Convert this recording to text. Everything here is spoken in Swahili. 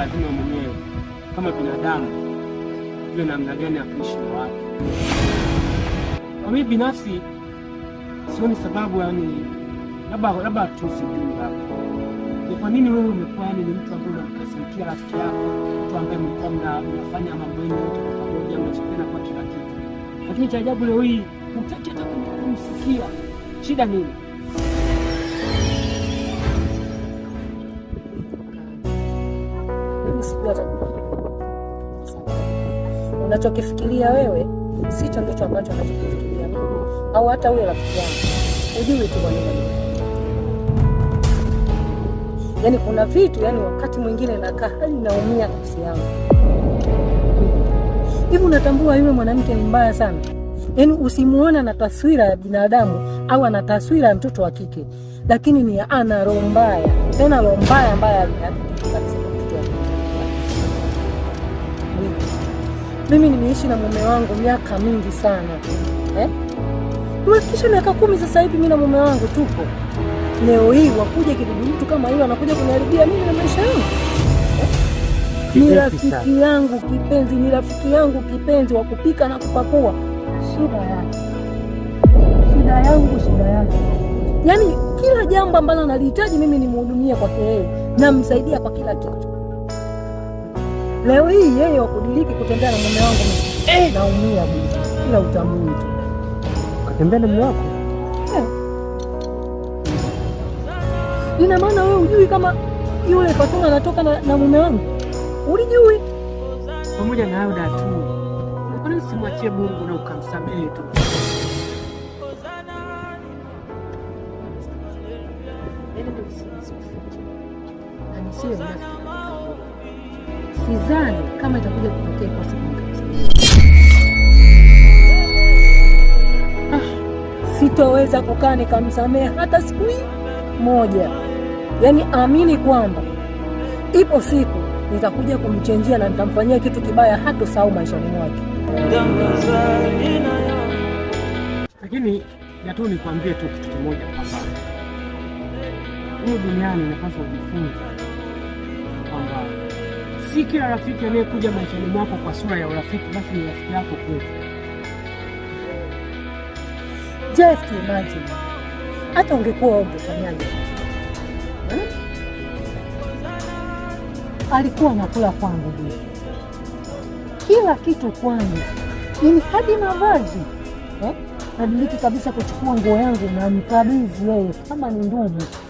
lazima mwenyewe kama binadamu ile namna gani ya kuishi na watu. Kwa mimi binafsi sioni sababu, yani labda labda tusijua ni kwa nini wewe umekuwa yani ni mtu ambaye unamkasirikia rafiki yako, mtu ambaye mlikuwa mnafanya mambo yenu yote kwa pamoja, mnachipenda kwa kila kitu, lakini cha ajabu leo hii hutaki hata kumsikia. Shida nini? lakini siku unachokifikiria wewe sicho ndicho ambacho anachokifikiria mimi au hata huyo rafiki yangu, ujui tu kwa nini Yaani kuna vitu, yani wakati mwingine nakaa hadi naumia nafsi yangu. Hivi unatambua yule mwanamke ni mbaya sana, yaani usimuona na taswira ya binadamu au ana taswira ya mtoto wa kike, lakini ni ana roho mbaya, tena roho mbaya mbaya. Mimi nimeishi na mume wangu miaka mingi sana eh? Tumefikisha miaka kumi sasa hivi mimi na mume wangu tupo. Leo hii wakuja kidudu mtu kama hiyo anakuja kuniharibia mimi na maisha yangu eh? Ni rafiki yangu kipenzi, ni rafiki yangu kipenzi wa kupika na kupakua. Shida yake, shida yangu, shida yake. Yaani kila jambo ambalo analihitaji mimi nimhudumia kwake yeye, namsaidia kwa kila kitu. Leo hii yeye wakudiriki kutembea na mume wangu eh, naumia bwana, ila utambui tu. Katembea na mume wako eh? Ina maana wewe ujui kama yule Fatuma anatoka na, na mume wangu? Ulijui? Pamoja na hayo datu, kwa simwachie Mungu na ukamsamehe tu? Yaani Sidhani kama itakuja kutokea kwa siku ah, sitoweza kukaa nikamsamehe hata siku hii moja. Yaani amini kwamba ipo siku nitakuja kumchenjia na nitamfanyia kitu kibaya sahau maishani mwake. Lakini natu nikwambie tu kitu kimoja, kwamba huyu duniani napaswa kujifunza si kila rafiki anayekuja maishani mwako kwa sura ya urafiki basi ni rafiki yako kweli. Just imagine hata ungekuwa ungefanyaje? Hmm? Alikuwa anakula kwangu bi, kila kitu kwangu, yaani hadi mavazi eh? Nadiriki kabisa kuchukua nguo yangu na mkabidhi yeye kama ni ndugu.